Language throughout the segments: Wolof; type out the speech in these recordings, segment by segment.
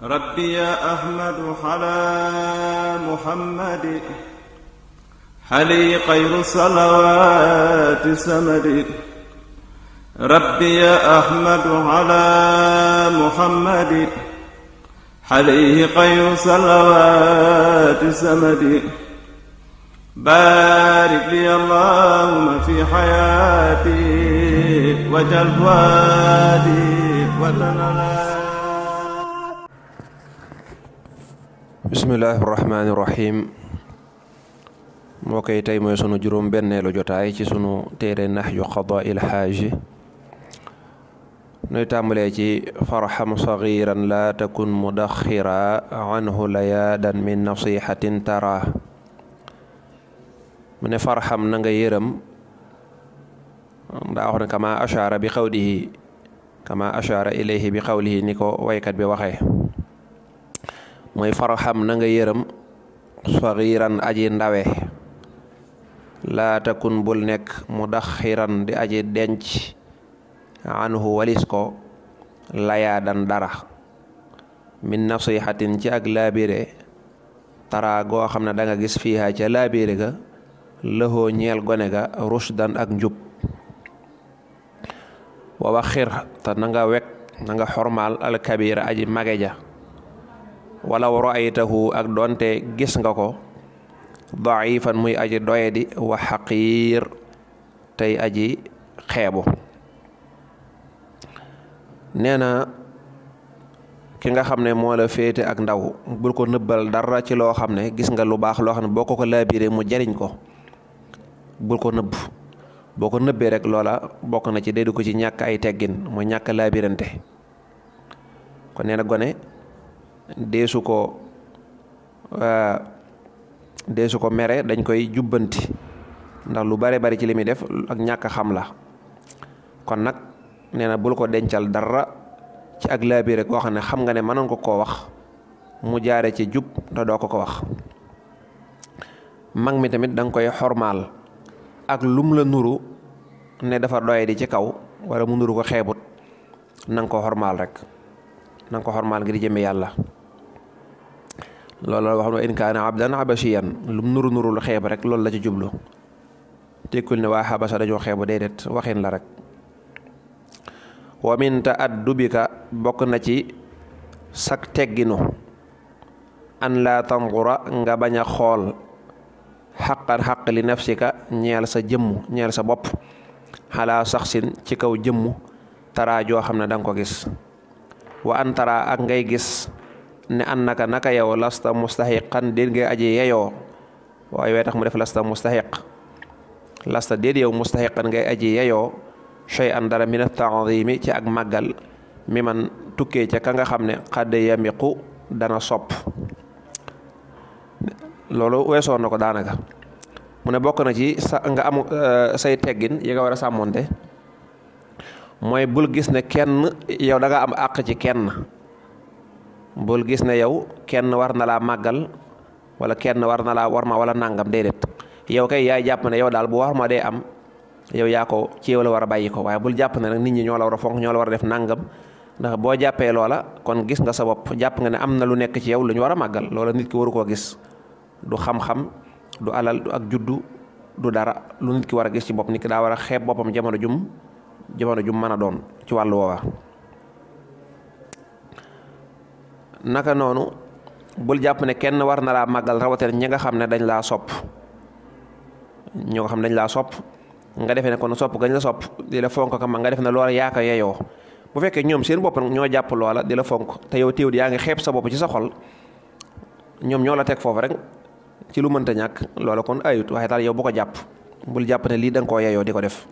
rabbi ya ahmadu xalaa muhammadi xali xayru salawaati samadi rabbi ya ahmadu xalaa muhammadi xali xayru salawaati samadi baarik li allahuma fi xayaati wajal waadi watanala bismillaahi rahmaani rahiim moo tey mooy sunu juróom benneelu jotaay ci sunu téere nahju qadaa il xaaji nuy tàmbalee ci farxam sagiran laa takun mudaxira anhu layaadan min nasihatin tara ne farxam na nga yërëm ndaa wax kama ashaara bi qawlihi kama ashaara ilayhi bi qawlihi ni ko waykat bi waxee mooy farxam na nga yërëm saxiran aji ndawe laata kun bul nekk mu daxiran di aji denc anhu walis ko layaadan dara min nasihatin ci ak laabire tara goo xam ne danga gis fiiha ca laabire ga lëxoo ñeel gone ga rushdan ak njub wa waxir te nanga wekk nanga xormaal alkabira aji mage ja walaw raaytahu ak doonte gis nga ko daifan muy aji doyadi wa xaqiir tey aji xeebu nee na ki nga xam ne moo la féete ak ndaw bul ko nëbbal dara ci loo xam ne gis nga lu baax loo xam ne boo ko ko laabiree mu jariñ ko bul ko nëbb boo ko nëbbee rek loola bokk na ci déydu ko ci ñàkk ay teggin mooy ñàkk laabirante kon nee na gone deesu ko euh, deesu ko mere dañ koy jubbanti ndax lu bare bari ci li muy def ak ñàkk xam la kon nag nee na bul ko dencal dara ci ak laabire koo xam ne xam nga ne mënoon ko koo wax mu jaare ci jub te doo ko ko wax mag mi tamit da nga koy xormaal ak lum la nuru ne dafa doye di ci kaw wala mu nuru ko xeebut na ko xormaal rek na nga ko xormaal ngir jëmm yàlla loolu la wax wa in kaana abdan abashiyan lu nuru nurul xeeb rek loolu la ci jublu tekkul ne waa xabasa dañoo xeebu déedéet waxin la rek wa min ta'addubika bokk na ci sak tegginu an laa tandura nga baña xool xaqan xaq li nafsika ñeel sa jëmm ñeel sa bopp xalaa saxsin ci kaw jëmm tara joo xam ne danga ko gis wa an tara ak ngay gis ne an naka naka yow lasta mustaxiqan déet nga aji yeyoo waaye tax mu def lasta mustaxiq lasta déet yow mustaxiqan ngay aji yeyoo shay an dara min taadimi ci ak màggal mi man tukkee ca ka nga xam ne xadd yamiqu dana sopp loolu weesoon na ko daanaka mu ne bokk na ci sa nga am euh, say teggin yi nga war a sàmmonte mooy bul gis ne kenn yow da am àq ci kenn bul gis ne yow kenn war na laa màggal wala kenn war na laa war ma wala nangam déedéet yow kay yaay jàpp ne yow daal bu war ma dee am yow yaa ko ci yow la war a bàyyi ko waaye bul jàpp ne nag nit ñi ñoo la war a fonk ñoo la war a def nangam ndax boo jàppee loola kon gis nga sa bopp jàpp nga ne am na lu nekk ci yow lu ñu war a màggal loola nit ki waru koo gis du xam-xam du alal du ak juddu du dara lu nit ki war a gis ci bopp nit ki daa war a xeeb boppam jamono jum jamono jum mën a doon ci wàllu woowa. naka noonu bul jàpp ne kenn war na laa màggal rawatina ñi nga xam ne dañ laa sopp ñi xam ne dañ laa sopp nga defee ne kon sopp gañ la sopp di la fonk ka nga def ne loola yaa ko yeyoo bu fekkee ñoom seen bopp ñoo jàpp loola di la fonk te yow téewut yaa ngi xeeb sa bopp ci sa xol ñoom ñoo la teg foofu rek ci lu mënta ñàkk loola kon ayut waaye daal yow bu ko jàpp bul jàpp ne lii da koo yayoo di ko def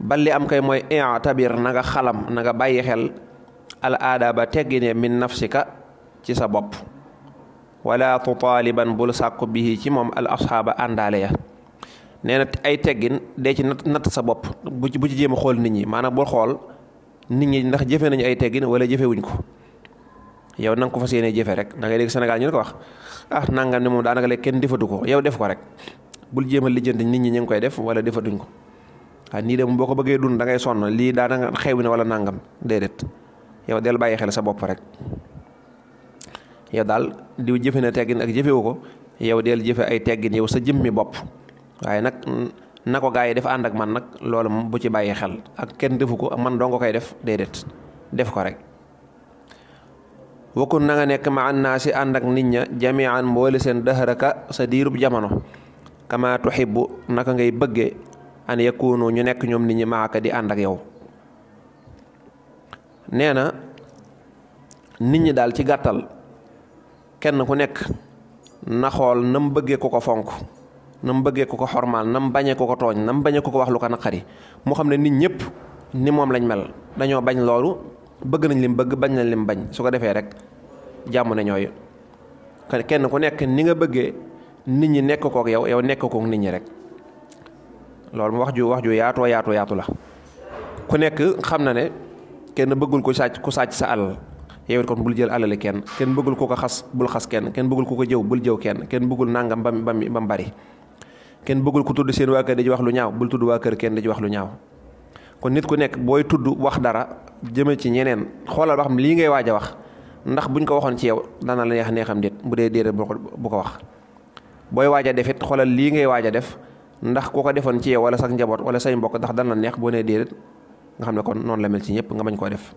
balli am kay mooy tabir na nga xalam na nga bàyyi xel al ba teggine min nafsika ci sa bopp walla wala tutaaliban bul sàkku bihi ci moom al asxaaba àndaale ya nee na ay teggin de ci nat natt sa bopp bu ci bu jéem a xool nit ñi maanaam bul xool nit ñi ndax jëfe nañu ay teggin wala jëfewuñ ko yow na nga ko fas rek da ngay dégg Sénégal ñu wax ah nangam ne moom daanaka léegi kenn defatu ko yow def ko rek bul jéem a lijjanti nit ñi ñu ngi koy def wala defatuñ ko ah nii de boo ko bëggee dund da ngay sonn lii daanaka xew na wala nangam déedéet. yow del bàyyi xel sa bopp rek yow daal diw jëfe na teggin ak jëfewu ko yow del jëfe ay teggin yow sa jëmmi bopp waaye nag na gaa yi def ànd ak man nag loolu moom bu ci bàyyi xel ak kenn defu ko man dong koy def déedéet def ko rek wakkun na nga nekk ma an naa si ànd ak nit ña jamian mboole seen daharaka sa diirub jamono kama tuhibbu naka ngay bëgge an yakunu ñu nekk ñoom nit ñi maaka di ànd ak yow nee na nit ñi daal ci gàttal kenn ku nekk na xool na mu bëggee ku ko fonk na mu ku ko xormaal na mu bañee ku ko tooñ na mu ku ko wax lu ko naqari mu xam ne nit ñëpp ni moom lañ mel dañoo bañ loolu bëgg nañ lim bëgg bañ nañ lim bañ su ko defee rek jàmm na ñooy kenn ku nekk ni nga bëggee nit ñi nekk kook yow yow nekk kook nit ñi rek loolu mu wax ju wax ju yaatoo yaatu yaatu la ku nekk xam na ne kenn bëggul ko sàcc ku sàcc sa alal yow kon bul jël alali kenn kenn bëggul ku ko xas bul xas kenn kenn bëggul ku ko jëw bul jëw kenn kenn bëggul nangam bam bam bari kenn bëggul ku tudd seen waa kër di ci wax lu ñaaw bul tudd waa kër kenn di ci wax lu ñaaw kon nit ku nekk booy tudd wax dara jëme ci ñeneen xoolal ba xam lii ngay waaj a wax ndax buñ ko waxoon ci yow dana la neex neexam déet bu dee déedéet bu ko wax booy waaj a def xoolal lii ngay waaj a def ndax ku ko defoon ci yow wala sax njaboot wala say mbokk ndax dana la neex boo nee déedéet nga xam ne kon noonu la mel si ñëpp nga bañ koo def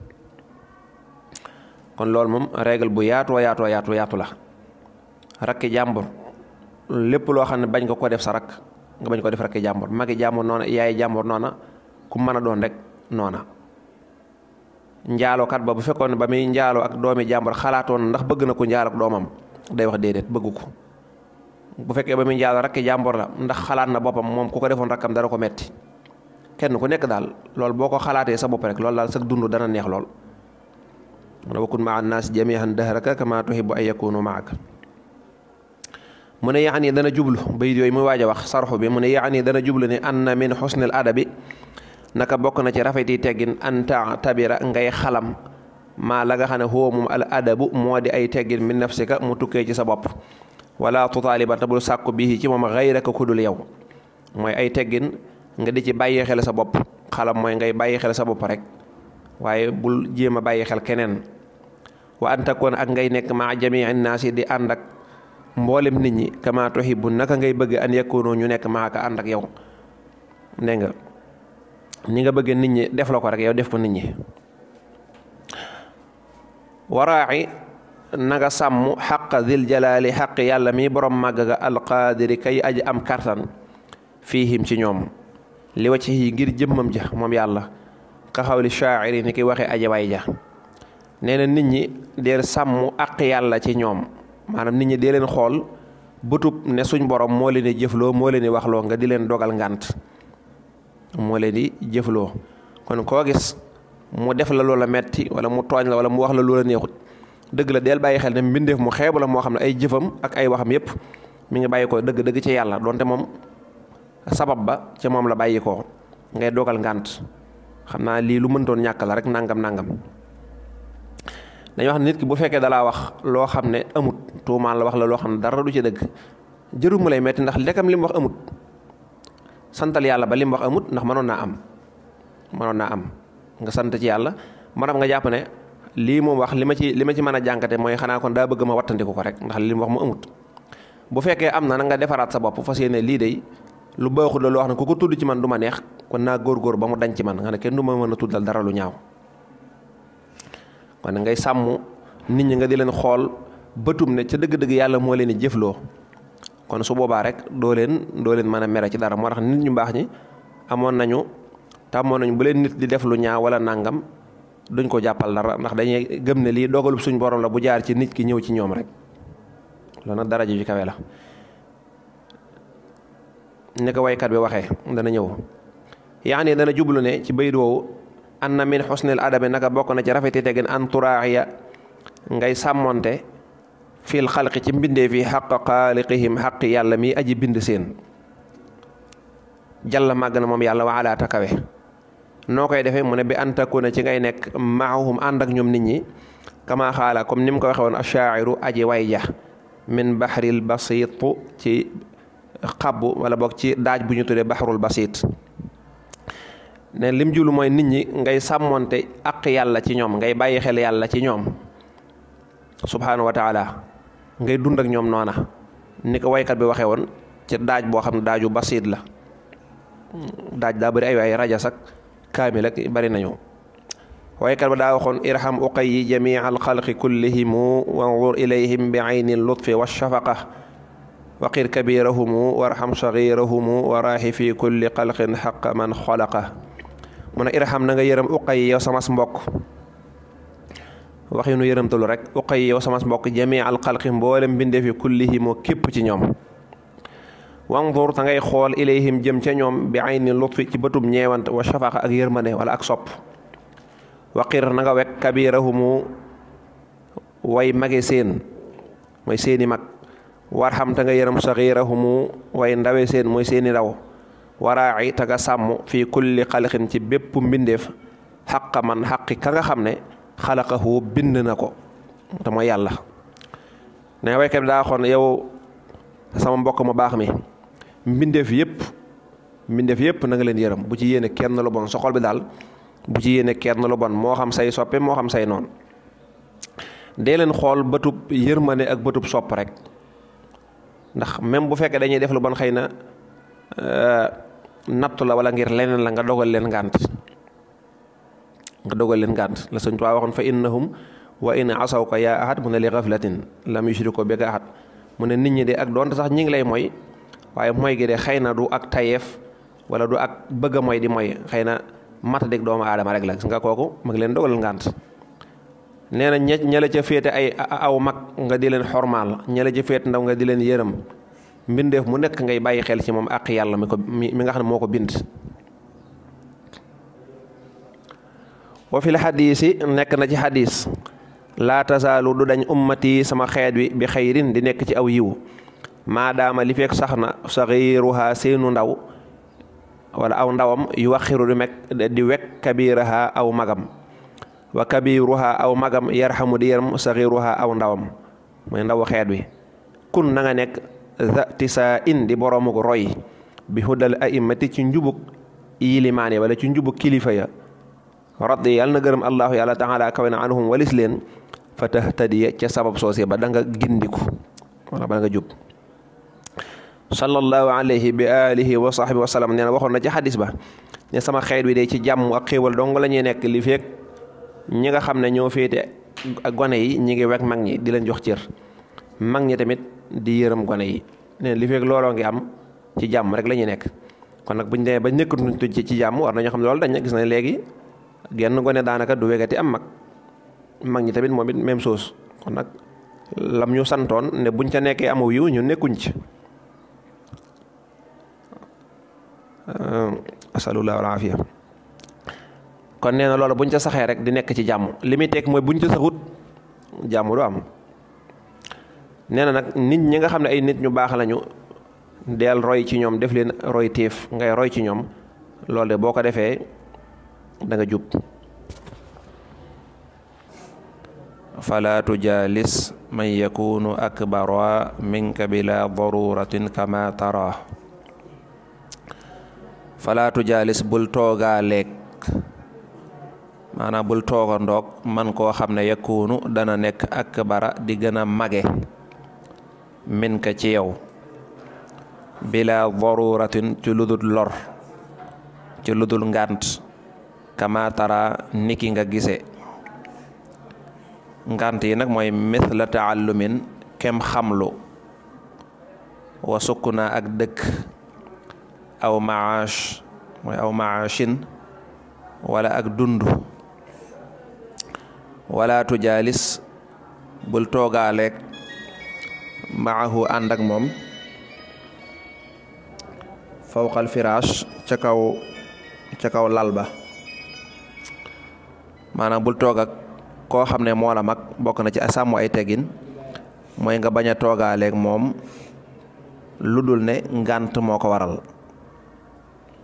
kon loolu moom règle bu yaatu yaatu yaatu yaatu la rakki jàmbur lépp loo xam ne bañ ko ko def sa rakk nga bañ ko def rakki jàmbur magi jàmbur noona yaay jàmbur noona ku mën a doon rek noona njaalookat ba bu fekkoon ba muy njaaloo ak doomi jàmbur xalaatoon ndax bëgg na ko njaal ak doomam day wax déedéet bëggu ko bu fekkee ba muy njaaloo la ndax xalaat na boppam moom ku ko defoon rakkam dara ko metti kenn ku nekk daal lool boo ko xalaatee sa bopp rek loolu daal sag dund dana neex lool mu ne wakun maa naas jamihan dahraka kama tuhibbu an yakunu maak mu ne yaani dana jublu bayit yooyu muy waaj a wax sarxu bi mu ne yaani dana jublu ni na min xusnil adabi naka bokk na ci rafeti teggin anta tabira ngay xalam maa la nga xam ne huwa moom al adabu moo di ay teggin min nafsika mu tukkee ci sa bopp wala tutaaliban te bul sàkku bii ci moom ku dul ay nga di ci bàyyi xel sa bopp xalam mooy ngay bàyyi xel sa bopp rek waaye bul jéem a bàyyi xel keneen wa an takoon ak ngay nekk maa jamii naas yi di ànd ak mboolem nit ñi kama bu naka ngay bëgg an yakkoonoo ñu nekk maa ka ànd ak yow dégg nga ni nga bëgg nit ñi def la ko rek yow def ko nit ñi waraaxi nanga sàmm xaq dil jalaali xaq yàlla mii borom màgg ga alqaadiri kay aj am fii fiihim ci ñoom li wacc yi ngir jëmmam ja moom yàlla ka xawli shaa'iri ni ki waxee ajawaay ja nee na nit ñi deel sàmm àq yàlla ci ñoom maanaam nit ñi dee leen xool bëtub ne suñ borom moo leen di jëfloo moo leen di waxloo nga di leen dogal ngànt moo leen di jëfloo kon koo gis mu def la loola metti wala mu tooñ la wala mu wax la loola neexut dëgg la deel bàyyi xel ne mbindeef mu xeebu la moo xam ne ay jëfam ak ay waxam yépp mu ngi bàyyi ko dëgg dëgg ci yàlla doonte moom sabab ba ca moom la bàyyi ko ngay dogal ngànt xam naa lii lu mëntoon ñàkk la rek nangam nangam dañuy wax nit ki bu fekkee dalaa wax loo xam ne amut tuumaan la wax la loo xam ne dara du ci dëgg jëru lay metti ndax ndekam li mu wax amut santal yàlla ba li mu wax amut ndax mënoon naa am mënoon naa am nga sant ci yàlla maanaam nga jàpp ne lii moom wax li ma ci li ma ci mën a jànkate mooy xanaa kon daa bëgg ma wattandiku ko rek ndax li mu wax mu amut bu fekkee am na na nga defaraat sa bopp fas yéene lii day lu baaxul la loo xam ne ku ko tudd ci man du ma neex kon naa góorgóor ba mu dañ ci man nga ne kenn du ma mën a tuddal dara lu ñaaw kon ngay sàmm nit ñi nga di leen xool bëtum ne ca dëgg-dëgg yàlla moo leen di jëfloo kon su boobaa rek doo leen doo leen mën a mere ci dara moo tax nit ñu baax ñi amoon nañu tàmmoon nañu bu leen nit di def lu ñaaw wala nangam duñ ko jàppal dara ndax dañuy gëm ne lii dogalub suñ borom la bu jaar ci nit ki ñëw ci ñoom rek loolu nag dara ji ci kawe la. ni ko waykat bi waxe dana ñëw yaani dana jublu ne ci bayit woowu an na min xusnil adabi naka bokk na ci rafeti tegin an turaaxiya ngay sàmmonte fil xalqi ci mbindeef yi xaq xaaliqihim xaq yàlla mi aji bind seen jàll màgg na moom yàlla waala takawe noo koy defee mu ne bi an takuna ci ngay nekk maahum ànd ñoom nit ñi kama xaala comme ni mu ko waxee woon ashaa'iru aji way ja min bahril basiitu ci xabbu wala boog ci daaj bu ñu tuddee baxarul basiit ne lim julu mooy nit ñi ngay sàmmonte ak yàlla ci ñoom ngay bàyyi xel yàlla ci ñoom subhaanahu wa taala ngay dund ak ñoom noona ni ko waykat bi waxee woon ci daaj boo xam ne daaju basiit la daaj daa bëri ay waay rajas ak kaamil ak bëri nañu waykat bi daa waxoon irham uqayyi jamia alxalqi kullihimu wanzur ilayhim bi ayni lutfi wa waqir kabirahumu warxam sagirahumu waraaxi fi kulli xalqin xaq man xolaqa mu ne irham na nga yërëm uqay yow samas mbokk wax yu nu yërëmtalu rek uqay yow samas mbokk jamii al xalqi mboolem mbindeefi kullihimu képp ci ñoom wandur ta ngay xool ilayhim jëm ca ñoom bi ayni lutfi ci bëtum ñeewant wa shafaqa ak yërmande wala ak sopp waqir na nga wekk kabirahumu way mage seen mooy seeni mag warxam ta nga yërëm saxiirahumu way ndawe seen mooy seeni raw waraaci ta nga sàmm fii kulli xalqin ci bépp mbindeef xaqa man xaqi ka nga xam ne xalaqahu bind na ko te mooy yàlla ne waykat bi daa xoon yow sama mbokk mu baax mi mbindeef yépp mbindeef yépp na nga leen yërëm bu ci yéene kenn lu bon soxol bi daal bu ci yéene kenn lu bon moo xam say soppe moo xam say noon dee leen xool bëtub yërmande ak bëtub sopp rek ndax même bu fekkee dañuy def lu bon xëy na euh, nattu la wala ngir leneen la nga dogal leen ngant nga dogal leen ngànt la Sëñ Tuubaa waxoon fa na innahum wa in asaw ko yaa ahad mu ne li ghaflatin lam yushriku bika ahad mu ne nit ñi de ak doonte sax ñi ngi lay moy waaye mooy gi de xëy na du ak tayeef wala du ak bëgg a mooy di moy xëy na matadik doomu aadama rek la gis nga kooku mag leen dogal ngànt nee na ña ña la ca féete ay aw mag nga di leen xormaal ña la ca féete ndaw nga di leen yërëm mbindeef mu nekk ngay bàyyi xel ci moom àq yàlla mi ko mi nga xam ne moo ko bind wa fil xadiisi nekk na ci xadiis laa tasaalu du dañ ummati sama xeet wi bi xayrin di nekk ci aw yiw maadaama li fekk sax na saxiiruha seenu ndaw wala aw ndawam yu waxiru di mekk di wekk kabiraha aw magam wa kabiruha aw magam yarhamu di yaram saxiruha aw ndawam mooy ndawu xeet wi kun na nga nekk ti sa in di boroomu roy bi huddal a'immati ci njubug yilimaan wala ci njubug kilifa ya radi yàlla na gërëm allahu yàlla taala kawe na anhum walis leen fa tahtadiya ca sabab soosé ba da nga gindiku wala ba da nga jub sallallahu alayhi bi alihi wa sahbi wa sallam waxoon na ci xadis ba ne sama xeet wi de ci jàmm ak xéewal dong la nekk li feek ñi nga xam ne ñoo féete gone yi ñi ngi weg mag ñi di leen jox cër mag ñi tamit di yërëm gone yi neen li fekk looloo ngi am ci jàmm rek la ñuy nekk kon nag bu ñu demee ba nekkatuñ ci ci jàmm war nañoo xam loolu dañ gis nañ léegi genn gone daanaka du wegati am mag mag ñi tamit moom it même chose kon nag lam ñu santoon ne buñ ca nekkee amu yiw ñu nekkuñ ci asalullah wal kon nee na loolu bu ñu ca saxee rek di nekk ci jàmm li muy teg mooy bu ñu ca saxut jàmm du am nee na nag nit ñi nga xam ne ay nit ñu baax lañu del roy ci ñoom def leen roy téef ngay roy ci ñoom loolu de boo ko defee danga nga falaatu fala tujaalis man yakunu akbara minka bila daruratin kama tara falaatu tujaalis bul toogaaleeg maanaam bul tooga ndoog man koo xam ne yakunu dana nekk ak bara di gën mage min ka ci yow bila daruratin ci ludul lor ci ludul ngànt kama niki nga gise ngànt yi nag mooy mithla taallumin kem xamlu wa sukkuna ak dëkk aw maash mooy aw maashin wala ak dund wala tujaalis bul toogaaleeg maahu ànd ak moom fawqal firaash ca kaw ca kaw lal ba maanaam bul toog ak koo xam ne moola mag bokk na ci sàmm ay tegin mooy nga bañ a toogaaleeg moom lu dul ne ngànt moo ko waral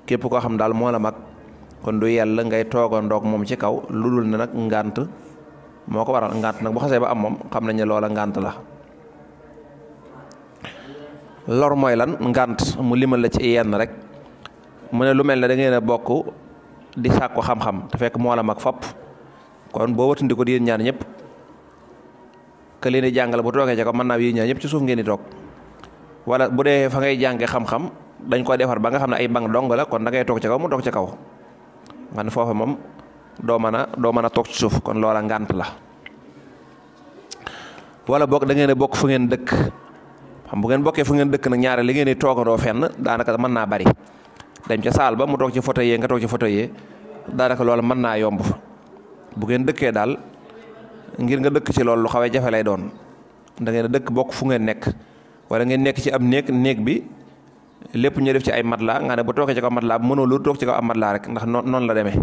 képp koo xam daal moola mag kon du yàlla ngay toogandoog moom ci kaw lu dul ne nag ngant moo ko waral ngànt nag bu xasee ba am moom xam nañ ne loola ngànt la lor mooy lan ngànt mu limal la ci yenn rek mu ne lu mel ne da ngeen bokk di sàkku xam-xam te fekk moo la mag fopp kon boo watandi ko di yéen ñaar ñëpp que leen di bu toogee ca ko mën naa yéen ñaar ñëpp ci suuf ngeen di toog wala bu dee fa ngay jàngee xam-xam dañ ko defar ba nga xam ne ay mbang dong la kon da ngay toog ca kaw mu toog ca kaw man foofa moom doo mën a doo mën a toog ci suuf kon loola ngànt la wala boog da ngeen bokk fu ngeen dëkk xam bu ngeen bokkee fu ngeen dëkk nag ñaare li ngeen di toogandoo fenn daanaka mën naa bari dem ca saal ba mu toog ci fauteuil yee nga toog ci fauteuil yee daanaka loola mën naa yomb bu ngeen dëkkee daal ngir nga dëkk ci loolu lu xawee jafe lay doon da ngeen dëkk bokk fu ngeen nekk wala ngeen nekk ci ab néeg néeg bi lépp ñu def ci ay matelas nga ne bu toogee ci kaw matelas mënoo lu toog ci kaw ab matelas rek ndax noonu la demee.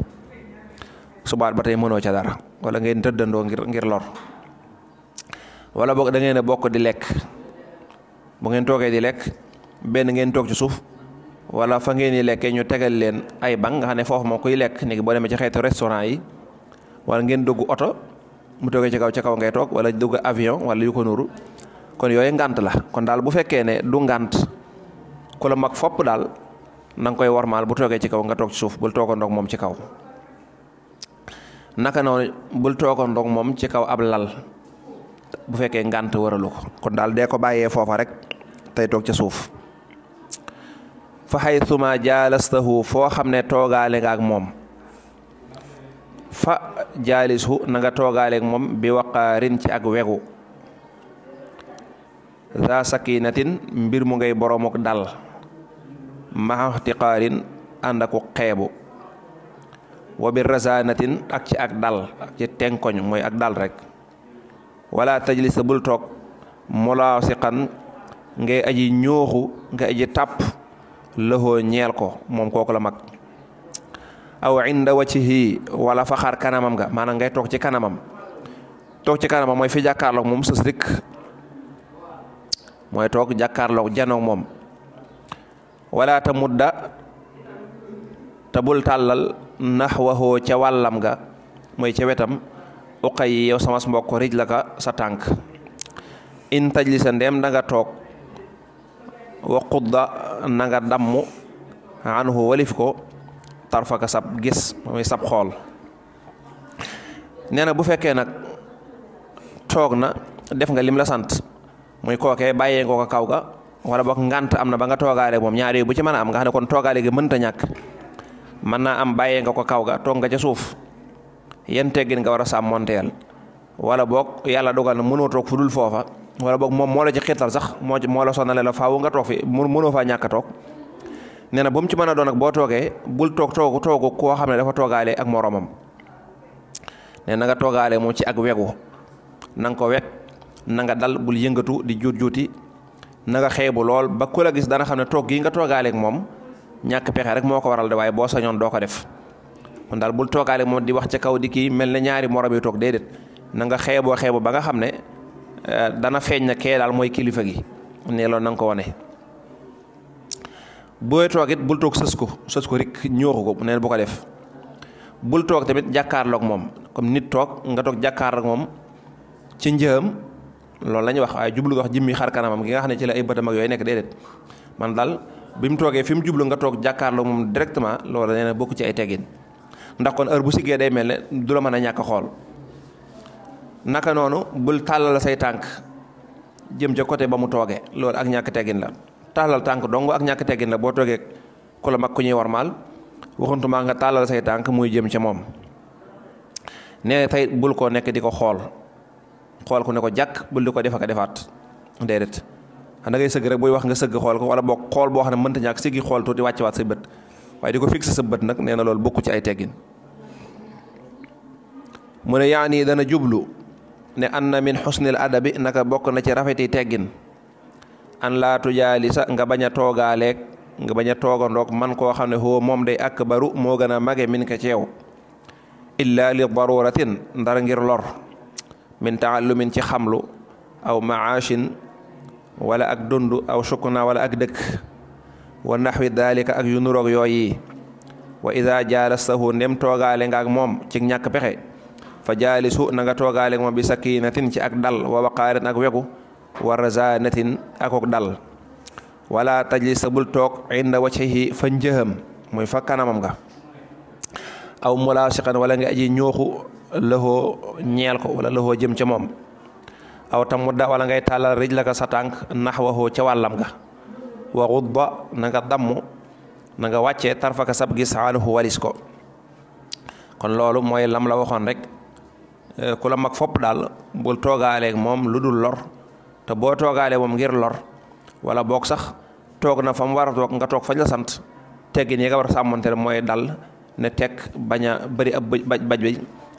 subaat ba tey mënoo ca dara wala ngeen tëddandoo ngir ngir lor wala boog da ngeen bokk di lekk bu ngeen toogee di lekk benn ngeen toog ci suuf wala fa ngeen di lekkee ñu tegal leen ay banc nga xam ne foofu moom kuy lekk niki boo demee ci xeetu restaurant yi wala ngeen dugg oto mu toogee ci kaw ca kaw ngay toog wala dugg avion wala yu ko nuru kon yooyu ngant la kon daal bu fekkee ne du ngant ku la mag fopp daal na nga koy warmaal bu toogee ci kaw nga toog ci suuf bul toogandoo moom ci kaw. naka noonu bul toogandoog moom ci kaw ab lal bu fekkee ngànt waralu ko kon daal dee ko bàyyee foofa rek tey toog ca suuf fa xaytuma jaalastahu foo xam ne toogaale nga ak moom fa jaalisu na nga toogaale moom bi waqaarin ci ak wegu za sakinatin mbir mu ngay boromuk dal maxaxtiqaarin ànd aku xeebu wa bi rasanatin ak ci ak dal ak ci tenkoñ mooy ak dal rek wala tajlis bul toog mulaasiqan ngay aji ñooxu ngay aji tàpp lëxoo ñeel ko moom kooku la mag aw inda wajhihi wala fa xaar kanamam ga maana ngay toog ci kanamam toog ci kanamam mooy fi jàkkaarloog moom sës rik mooy toog jàkkaarloog janoog moom wala ta mudda ta tàllal naxwahu ca wàllam ga mooy ca wetam uqa yi yow sama mbokk rij la ka sa tànk in sa ndem danga toog wa qudda da nga dammu anhu walif ko tarfaka sab gis mooy sab xool nee na bu fekkee nag toog na def nga lim la sant muy kookee bàyyee nga ko kaw ga wala boog ngant am na ba nga toogaale moom ñaar yooyu bu ci mën a am nga xam ne kon toogaale gi mënta ñàkk mën naa am bàyyee nga ko kaw ga toog nga ca suuf yan teggin nga war a sàmmonteel wala boog yàlla dogal na mënoo toog fu dul foofa wala boog moom moo la ci xiirtal sax moo moo la sonale la faawu nga toog fi mënoo faa ñàkk a toog nee na bu mu ci mën a doon nag boo toogee bul toog toogu toogu koo xam ne dafa toogaale ak moroomam nee na nga toogaale moom ci ak wegu na nga ko weg na nga dal bul yëngatu di juut juuti na nga xeebu lool ba ku la gis dana xam ne toog gii nga toogaale moom. ñàkk pexe rek moo ko waral de waaye boo sañoon doo ko def kon daal bul toogaale moom di wax ca kaw di kii mel ne ñaari morom yi toog déedéet na nga xeeboo xeebo ba nga xam ne euh, dana feeñ na kee daal mooy kilifa gi ne loolu na nga ko wane. booy toog it bul toog sës ko sës ko rek ñooxu ko neen bu ko def bul toog tamit jàkkaarloog moom comme nit toog nga toog jàkkaarloog moom ci njëam lool la wax waaye jublu ko wax jëmmi xar kanamam gi nga xam ne ci la ay bëtam ak yooyu nekk déedéet man daal. bi mu toogee fi mu jublu nga toog jàkkaarloo moom directement loolu nee na bokk ci ay teggin ndax kon heure bu siggee day mel ne du la mën a ñàkk xool naka noonu bul tàllal say tànk jëm ca côté ba mu toogee loolu ak ñàkk teggin la tàllal tànk dong ak ñàkk teggin la boo toogee ku la mag ku ñuy warmaal waxuntuma nga tàllal say tànk muy jëm ca moom nee tey bul ko nekk di ko xool xool ku ne ko jàkk bul di ko def ak a defaat déedéet da ngay sëgg rek booy wax nga sëgg xool ko wala boo xool boo xam ne mënta ñàkk siggi xool tuuti wàcce waat sa bët waaye di ko fixé sa bët nag nee na loolu bokku ci ay teggin mu ne yaani dana jublu ne anna min xusnil adabi naka bokk na ci rafeti teggin an laa tujaalisa nga bañ a toogaaleeg nga bañ a toogandoog man koo xam ne hoo moom day ak baru moo gën a mage min ka ceew illa li daruratin ndar ngir lor min taallumin ci xamlu aw maashin wala ak dund aw sukna wala ak dëkk wa naxwi daalika ak yu nuroog yooyi wa ida jaalastahu ndem toogaale nga ak moom ci ñàkk pexe fa jaalisu na nga toogaale moom bi sakinatin ci ak dal wa waqaarin ak wegu wa razanatin akok dal wala tajlis sa toog inda waccihi fa njëham muy fa kanamam nga aw mulaasiqan wala nga aji ñooxu lëxoo ñeel wala lëxoo jëm ca moom aw tamudda wala ngay tàllal rijlaka sa tànk naxwahu ca wàllam ga wa ba na nga damm na nga wàccee tarfaka sab gis aanuhu walis ko kon loolu mooy lam la waxoon rek eh, ku la mag fopp daal bul toogaaleeg moom lu dul lor te boo toogaale moom ngir lor wala boog sax toog na fa mu war a toog nga toog fañ la sant teggin yi nga war a sàmmante mooy dal ne tek bañ a bëri ab baj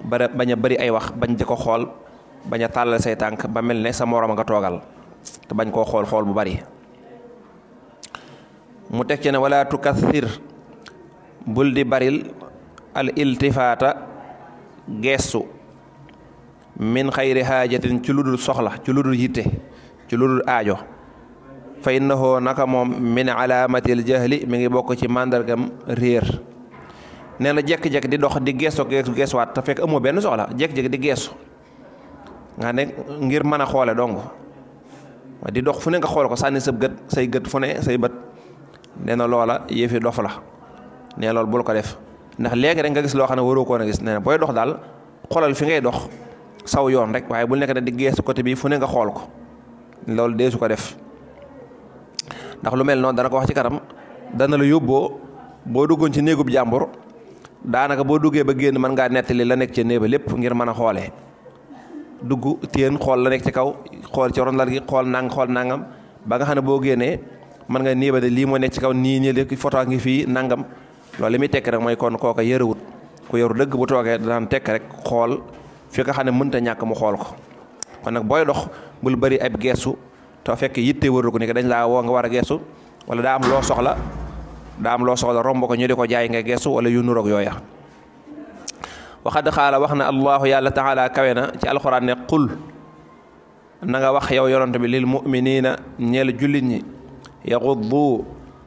baj bañ a bëri ay wax bañ di ko xool bañ a tàllal say tànk ba mel ne sa moroom nga toogal bañ koo xool xool bu bari mu teg ci ne wala tukathir bul di baril al iltifaata geestu min xayri haajatin ci ludul soxla ci ludul yitte ci ludul aajo fa innahu naka moom min alaamatil jahli mi ngi bokk ci màndargam réer nee na jekk-jekk di dox di geestu geesuwaat te fekk amoo benn soxla jekk-jekk di geestu nga ne ngir mën a xoole dong di dox fu ne nga xool ko sànni sab gët say gët fu ne say bët nee na loola yëfi dof la ne loolu bul ko def ndax léegi rek nga gis loo xam ne waroo koon a gis nee na booy dox daal xoolal fi ngay dox saw yoon rek waaye bul nekk ne di geesu côté bii fu ne nga xool ko loolu deesu ko def ndax lu mel noonu dana ko wax ci kanam dana la yóbboo boo duggoon ci néegub jàmbur daanaka boo duggee ba génn mën ngaa nettali la nekk ci néeba lépp ngir mën a xoolee dugg téen xool la nekk ci kaw xool ci ron lal gi xool nang xool nangam ba nga xam ne boo génnee mën nga nii ba de lii moo nekk ci kaw nii nii foto photo ngi fii nangam loolu li muy tekk rek mooy kon kooka yërëwut ku yoru dëgg bu toogee daan tekk rek xool fi nga xam ne mënta ñàkk mu xool ko kon nag booy dox bul bëri ab geesu te fekk yitte wëru ko ni dañ laa woo nga war a geesu wala daa am loo soxla daa am loo soxla romb ko ñu di ko jaay nga geesu wala yu nuroog yooya waxad xaala wax na allahu yàlla taala kawe na ci alxuraan ne qul na wax yow yonent bi lil mu'miniina ñeel jullit ñi yaxuddu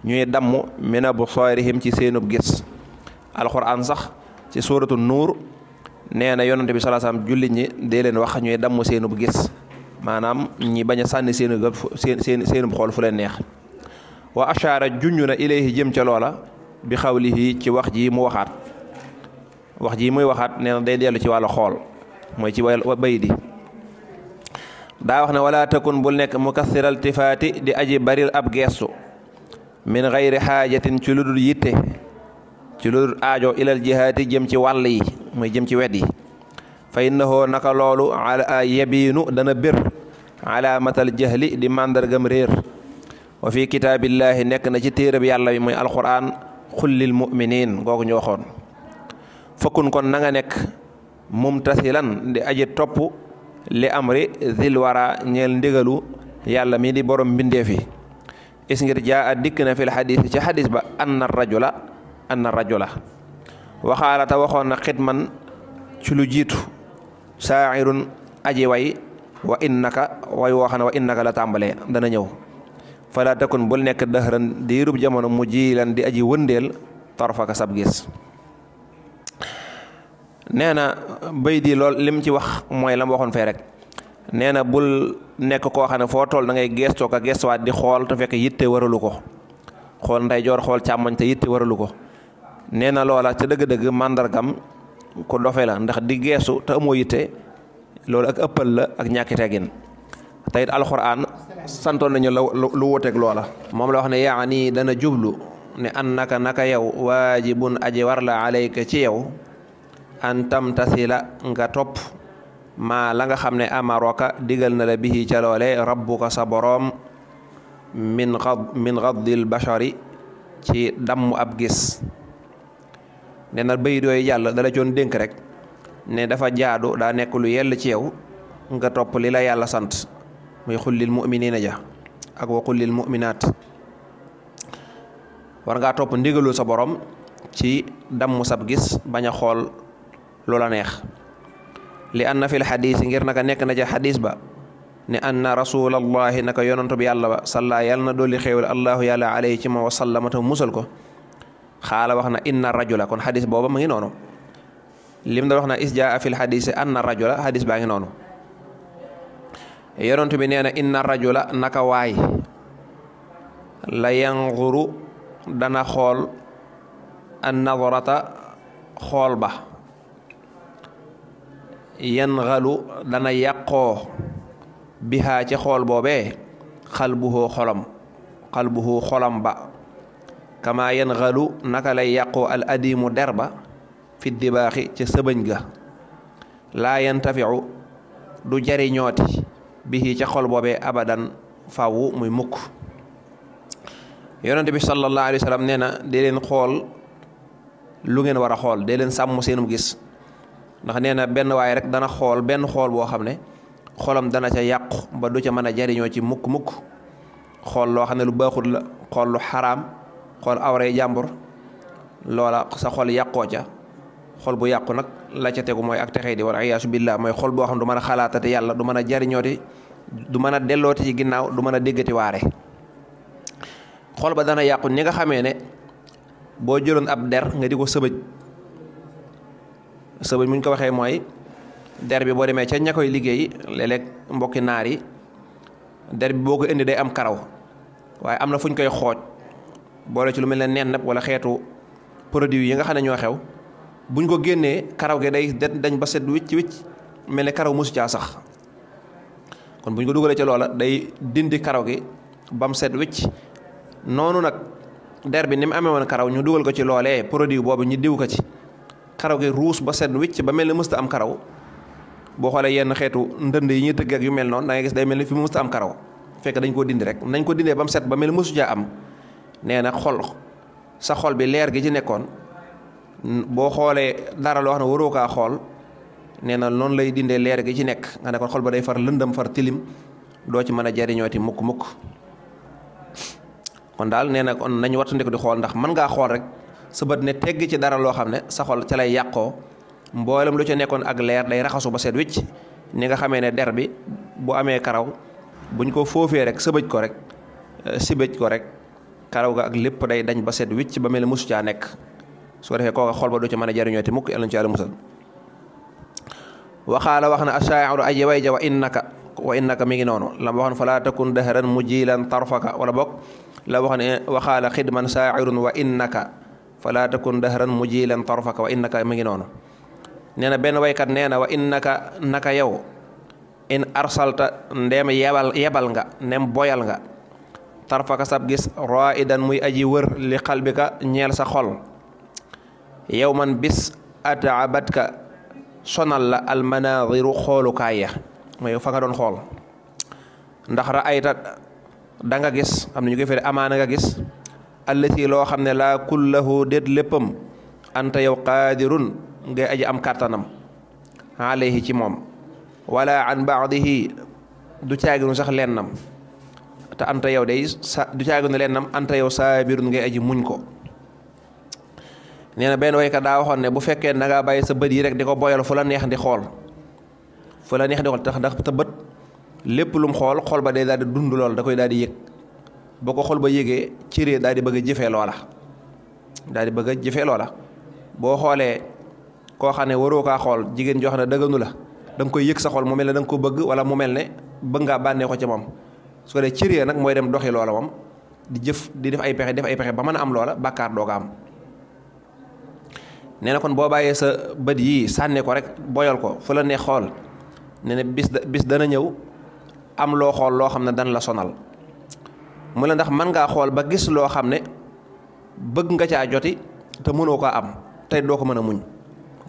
ñuy damm min absaarihim ci seenub gis alxuraan sax ci suuratu nuur nee na yonent bi salaa salaam jullit ñi dee leen wax ñuy damm seenub gis maanaam ñi bañ a sànni seenub seen seen xool fu leen neex wa ashaara junj na ilayhi jëm ca loola bi xawlihi ci wax ji mu waxaat wax ji muy waxaat nee day dellu ci wàllu xool mooy ci wàllu bay di daa wax ne wala takun bul nekk mukassiral tifaati di aji baril ab geestu min xayri xaajatin ci lu dul yitte ci lu dul aajo ilal jihaati jëm ci wàll yi mooy jëm ci wet yi fay na innahoo naka loolu ala yebiinu dana bir alaamatal jahli di màndargam réer wa fi kitaabillaahi nekk na ci téereb yàlla bi mooy alquran xullil muminin googu ñu waxoon fakkun kon na nga nekk mumtasilan di aji topp li amri zil wara ñeel ndigalu yàlla mi di borom mbindeef yi is ngir jaa dikk na fil xadis ci xadis ba anna rajula anna waxaala ta waxoon na xitman ci lu jiitu saairun aji way wa innaka way woo xam ne wa innaka la tàmbalee dana ñëw fala takun bul nekk dëxëran diirub jamono mu jiilan di aji wëndeel tarfaka sab gis nee na bay di lool lim ci wax mooy la mu waxoon fee rek nee na bul nekk koo xam ne foo tool da ngay gestoo ka gestuwaat di xool te fekk yitte waralu ko xool ndeyjoor xool càmmoñ te yitte waralu ko nee na loola ca dëgg-dëgg màndargam ku dofe la ndax di geesu te amoo yitte loolu ak ëppal la ak ñàkki teggin te it alxuraan santoon nañu la lu wuteeg loola moom la wax ne yaani dana jublu ne an naka naka yow waajibun aji war la alayka ci yow an tam tasila nga topp maa la nga xam ne amaroka digal na la bihi ca loole rabbuka sa boroom min xad min xaddil bashari ci damm ab gis ne na bayit yooyu dala coon dénk rek ne dafa jaadu daa nekk lu yell ci yow nga topp li la yàlla sant muy xullil muminina ja ak wa xullil muminaat war ngaa topp ndigalul sa boroom ci damm sab gis bañ a xool loola neex li an na fil xadiisi ngir naka nekk na ca xadiis ba ne an rasulallahi naka yonantu bi yàlla ba salla yàlla na dolli xéewal allahu yàlla alayhi ci ma wa sallamata musal ko xaala wax na inna rajula kon xadis booba mu ngi noonu lim da wax na is jaa fil xadiisi anna rajula xadis baa ngi noonu yonantu bi nee na inna rajula naka waay la yanzuru dana xool an nadarata xool ba yenn xalu dana yàqoo bihaa ci xool boobee xalbuhu xolam xalbuhu xolam ba kama yenn xalu naka lay yàqoo al adimu der ba di dibaaxi ca sëbëñ ga laa yantafiu du jariñooti bihi ca xol boobee abadan fàwwu muy mukk yonente bi sallallahu alayhi wa nee na dee leen xool lu ngeen war a xool dee leen sàmm seenum gis ndax nee na benn waaye rek dana xool benn xool boo xam ne xolam dana ca yàqu ba du ca mën a jariñoo ci mukk mukk xool loo xam ne lu baaxut la xool lu xaraam xool awre jàmbur loola sa xol yàqoo ca xol bu yàqu nag la ca tegu mooy ak texee di wala ayaasu billah mooy xol boo xam du mën a xalaatate yàlla du mën a jariñooti du mën a dellooti ci ginnaaw du mën a déggati waare xol ba dana yàqu ni nga xamee ne boo jëloon ab der nga di ko sëbëj sëbëñ bu ñu ko waxee mooy der bi boo demee ca ña koy liggéey léeg-léeg mbokki naar yi der bi boo ko indi day am karaw waaye am na fu ñu koy xooj boole ci lu mel ne nen nag wala xeetu produit yi nga xam ne ñoo xew buñ ko génnee karaw gi day dañ ba set wicc wicc mel ne karaw mosu caa sax kon bu ko dugalee ca loola day dindi karaw gi bam set wicc noonu nag der bi ni mu amee woon karaw ñu dugal ko ci loolee produit boobu ñu diw ko ci. karaw gi ruus ba set wicc ba mel ne mësta am karaw boo xoolee yenn xeetu ndënd yi ñuy tëgg ak yu mel noonu da gis day mel ni fi mu mësta am karaw fekk dañ koo dindi rek nañ ko dindee ba mu set ba mel ni mësu am nee na xol sa xol bi leer gi ci nekkoon boo xoolee dara loo xam ne waroo kaa xool nee na noonu lay dindee leer gi ci nekk nga ne kon xol ba day far lëndam far tilim doo ci mën a jariñooti mukk mukk kon daal nee na kon nañu wattandiku di xool ndax mën ngaa xool rek. sa bët ne tegg ci dara loo xam ne sa xol ca lay yàqoo mboolem lu ca nekkoon ak leer day raxasu ba seet wicc ni nga xamee ne der bi bu amee karaw buñ ko foofee rek sëbëj ko rek euh, sibëj ko rek karaw ga ak lépp day dañ ba seet wicc ba mel ne mosu caa nekk su ko defee kooka xol ba du ci mën a jariñoo te mukk yàlla ñu ci yàlla musal waxaala wax na ashaa'iru aji way ja wa innaka wa innaka mi ngi noonu la ma waxoon fa laa takun dahran mujilan tarfaka wala boog la wax ne waxaala xidman shaa'irun wa innaka fala takun dahran mujilan tarfaka wa innaka mi ngi noonu nee na benn waykat nee na wa innaka naka yow in arsalta ndeem yebal nga nem boyal nga tarfaka sab gis raidan muy aji wër li xalbika ñeel sa xol yow man bis ataabatka sonal la almanadiru xoolukaay ya mooy fa nga doon xool ndax ra ayta da gis am na ñu koy firi amaana nga gis allati loo xam ne laa kullahu déet léppam anta yow qaadirun ngay aji am kàttanam alayhi ci moom wala an baax baadihi du caaginu sax lennam te anta yow day sa du caaginu lennam anta yow saabirun ngay aji muñ ko nee na benn waykat daa waxoon ne bu fekkee da ngaa bàyyi sa bët yi rek di ko boyal fu la neex di xool fu la neex di xool tax ndax te bët lépp lum xool xool ba day daal dund lool da koy daal di yëg boo ko xol ba yëgee ciree daal di bëgg a jëfee loola daal di bëgg a jëfee loola boo xoolee koo xam ne waroo kaa xool jigéen joo ne dëgganu la da koy yëg sa xol mu mel ne danga ko bëgg wala mu mel ne bëgg ngaa bànnee ko ca moom su ko dee ciree nag mooy dem doxi loola moom di jëf di def ay pexe def ay pexe ba mën a am loola bàkkaar doo ko am nee na kon boo bàyyee sa bët yii sànni ko rek boyal ko fu la xool nee na bis bis dana ñëw am loo xool loo xam ne dan la sonal mu la ndax mën ngaa xool ba gis loo xam ne bëgg nga caa joti te mënoo koo am tey doo ko mën a muñ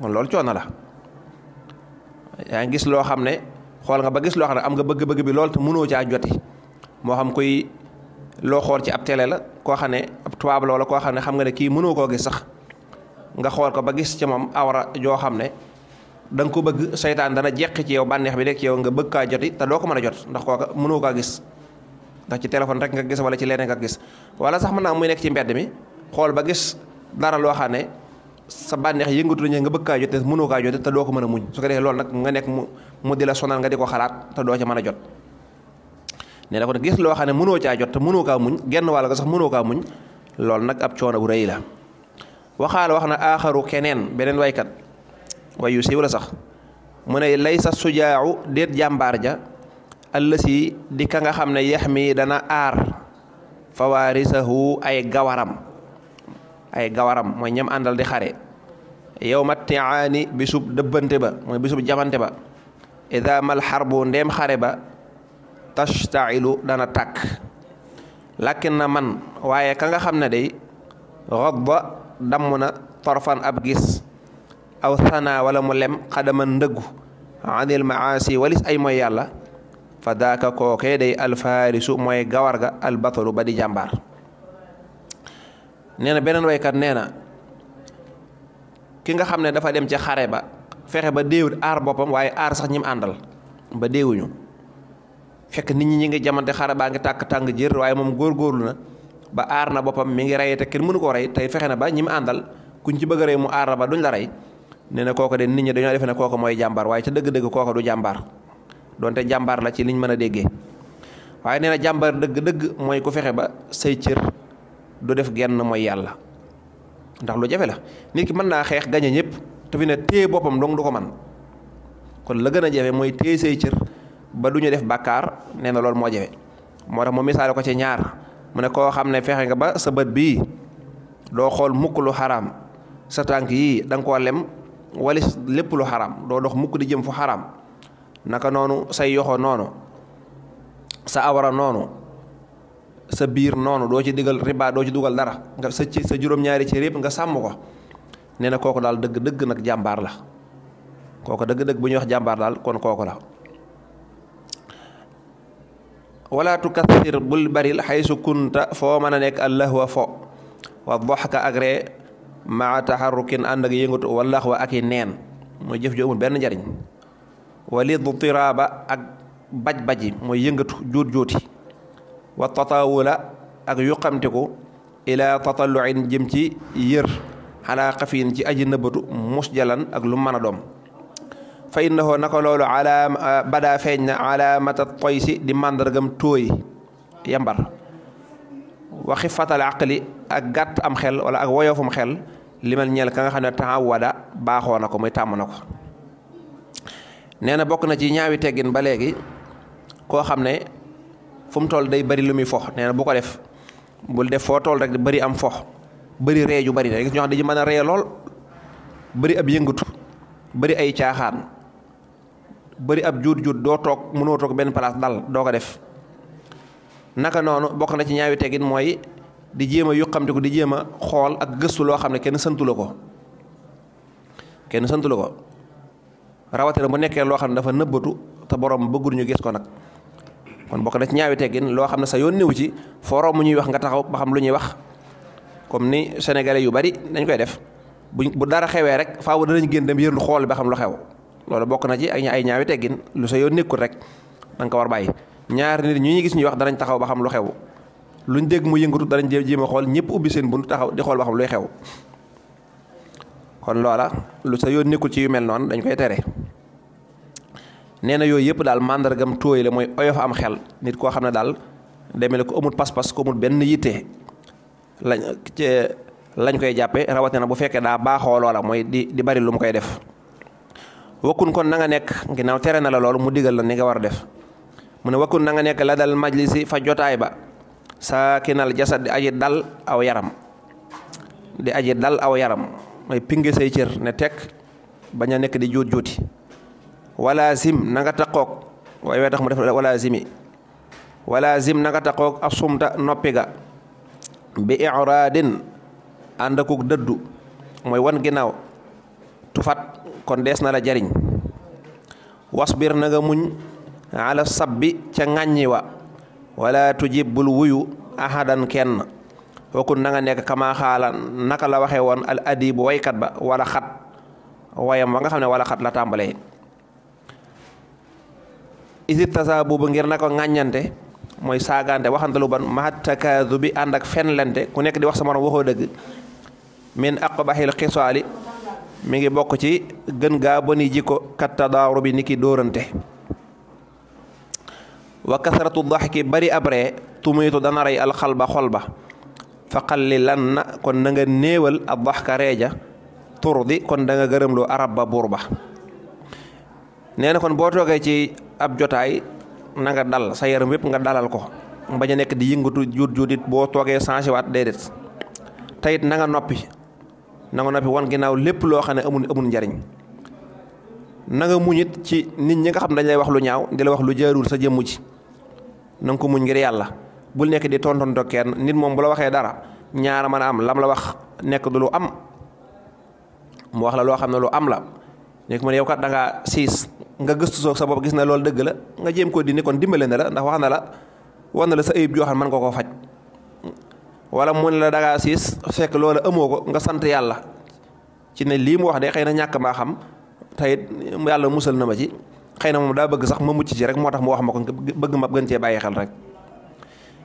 kon loolu coono la yaa loo xam ne xool nga ba gis loo xam ne am bëgg-bëgg bi lool mënoo caa joti moo xam kuy loo xool ci ab télé la koo xam ne ab tubaab loola koo xam ne xam nga ne kii mënoo koo gis sax nga xool ko ba gis ci moom awra joo xam ne da ko bëgg seytaan dana jeq ci yow bànneex bi rek ci yow nga bëgg kaa joti te doo ko mën a jot ndax kooka mënoo kaa gis ndax ci téléphone rek nga gis wala ci leneen nga gis wala sax mën naa muy nekk ci mbedd mi xool ba gis dara loo xam ne sa bànneex yëngatu nañu nga bëgg kaa jot te mënoo kaa jot te doo ko mën a muñ su ko defee loolu nag nekk mu mu di la sonal ko xalaat te doo ca mën a jot nee na ko gis loo xam ne mënoo caa jot te mënoo muñ genn wàll nga sax mënoo loolu nag ab coono bu rëy la waxaala wax na aaxaru keneen beneen waykat wayu siiw la sax mu ne lay sa sujaau déet jàmbaar ja allësi di ka nga xam ne yax mi dana aar fawaarisahu ay gawaram ay gawaram mooy ñam àndal di xare yow ma tiaani bisub dëbbante ba mooy bisub jamante ba ida mal xarbu ndeem xare ba tashtailu dana takk lakin na man waaye ka nga xam ne day ba damm na torfan ab gis aw sana wala mu lem xadama ndëggu anil maasi walis ay mooy yàlla fa daaka kooke day alfaarisu mooy gawar ga albatalu ba di jàmbaar nee na beneen waykat nee na ki nga xam ne dafa dem ca xare ba fexe ba déewut aar boppam waaye aar sax ñim àndal ba déewuñu fekk nit ñi ñi ngi jamante xare baa ngi tàkk tàng jër waaye moom góorgóorlu na ba aar na boppam mi ngi rey te kenn mënu koo rey tey fexe na ba ñim àndal kuñ ci bëgg a rey mu aar la ba duñ la rey nee na kooku de nit ñi dañoo defe ne kooku mooy jàmbaar waaye ca dëgg-dëgg kooku du jàmbaar donte jàmbaar la ci liñ mën a déggee waaye nee na jàmbaar dëgg-dëgg mooy ku fexe ba say cër du def genn mooy yàlla ndax lu jafe la nit ki mën naa xeex gañe ñëpp te fi ne téye boppam dong du ko man kon la gën a jafe mooy téye say cër ba du ñu def bàkkaar nee na loolu moo jafe moo tax mu misaale ko ci ñaar mu ne koo xam ne fexe nga ba sa bët bii doo xool mukk lu xaraam sa tànk yii da nga koo lem walis lépp lu xaraam doo dox mukk di jëm fu xaraam naka noonu sa yoxo noonu sa awara noonu sa biir noonu doo ci digal riba doo ci dugal dara nga sa ci sa juróom-ñaari cër yëpp nga sàmm ko nee na kooku daal dëgg dëgg nag jàmbaar la kooku dëgg dëgg bu ñuy wax jàmbaar daal kon kooku la wala tukathir bul baril xaysu kunta foo mën a nekk allahwa fo wa doxka ak ree maa taxarrukin ànd ak yëngatu walax wa ak i neen mooy jëf ju amul benn njariñ wali ditiraaba ak baj-baji mooy yëngatu jóot-jóoti wa tataawula ak yuqamtiku ila tatalluin jëm ci yër xalaa xafiin ci aji nëbbatu musjalan ak lu mën a doom fa innahu naka loolu alaama badaa feeñ na alaamata toysi di màndargam tooy yambar waxi fatal aqli ak gàtt am xel wala ak woyofum xel limal ñeel ka nga xam ne taawada baaxoo na ko muy tàmm na ko nee na bokk na ci ñaawi teggin ba léegi koo xam ne fu mu toll day bari lu muy fox nee bu ko def bul def foo tool rek bari am fox bari ree ju bari da gis dañu mën a ree bari ab yëngatu bari ay caaxaan bari ab juut juut doo toog mënoo benn place dal doo ko def naka noonu bokk na ci ñaawi teggin mooy di jéem a yuqamte ko di jéem a xool ak gëstu loo xam ne kenn santu ko kenn santu ko rawatina bu nekkee loo xam ne dafa nëbbatu te borom bëggul ñu gis ko nag kon bokk na ci ñaawi teggin loo xam ne sa yoon newu ci forom mu ñuy wax nga taxaw ba xam lu ñuy wax comme ni sénégalais yu bari dañ koy def bu bu dara xewee rek faaw danañ génn dem yërlu xool ba xam lu xew loolu bokk na ci ak ay ñaawi teggin lu sa yoon nekkul rek da nga ko war bàyyi ñaar nit ñu ñu gis ñuy wax danañ taxaw ba xam lu xew luñ dégg mu yëngatu danañ jéem ma xool ñëpp ubbi seen bunt taxaw di xool ba xam luy xew kon loola lu sa yoon nekkul ci yu mel noonu dañ koy tere nee na yooyu yëpp daal màndargam tooy la mooy oyof am xel nit koo xam ne daal demee ko amul pas-pas ko amul benn yitte lañ lañ koy jàppee rawatina bu fekkee daa baaxoo loola mooy di di bari lu mu koy def. wakkun kon na nga nekk ginnaaw tere na la loolu mu digal la ni nga war a def mu ne wakkun na nga nekk la dal majlisi fa jotaay ba sa kinal jasa di aji dal aw yaram di aji dal aw yaram. mooy pinge say cër ne tekk bañ a nekk di juut juuti wala zim na nga taqoog waaye wee tax mu def wala zimi wala zim na nga taqoog asumta noppi bi iraadin ànd akuk dëddu mooy wan ginnaaw tufat kon dees nala la jariñ wasbir na nga muñ ala sabbi ca ŋàññi wala tujib bul wuyu ahadan kenn wakkun na nga nekk kama naka la waxee woon al adibu waykat ba wala xat wayam wa nga xam ne wala xat la tàmbalee isit tasa boobu ngir na ko ŋàññante mooy saagaante waxante lu ban mahat takaasu bi ànd ak fenlante ku nekk di wax sa morom waxoo dëgg min aqbahil xisaali mi ngi bokk ci gën gaa boni jikko kat tadaaru bi ni ki dóorante wa kasratu daxki bari abre tumiitu dana rey alxalba xol ba fa xallilan na kon na nga néewal ab wax ja reeja di kon danga nga gërëmloo arab ba buur ba nee na kon boo toogee ci ab jotaay nanga nga dal sa yaram yëpp nga dalal ko bañ a nekk di yëngatu juut juutit boo toogee changé waat déedéet tayit na nga noppi na nga noppi won ginnaaw lépp loo xam ne amul amul njariñ na nga muñit ci nit ñi nga xam dañ lay wax lu ñaaw di la wax lu jaarul sa jëmmu ci na nga ko muñ ngir yàlla bu nekk di tontonto kenn nit moom bu la waxee dara ñaara man a am lam la wax nekk du lu am mu wax la loo xam ne lu am la nekk man yow kat da ngaa siis nga gëstu soo sa bopp gis na loolu dëgg la nga jéem ko dindi kon dimbale na la ndax wax na la wan na la sa ayib joo xam mën nga koo faj wala mu ne la da ngaa siis fekk loola amoo ko nga sant yàlla ci ne lii mu wax de xëy na ñàkk maa xam tey yàlla musal na ma ci xëy na moom daa bëgg sax ma mucc ci rek moo tax mu wax ma ko bëgg ma gën bàyyi xel rek.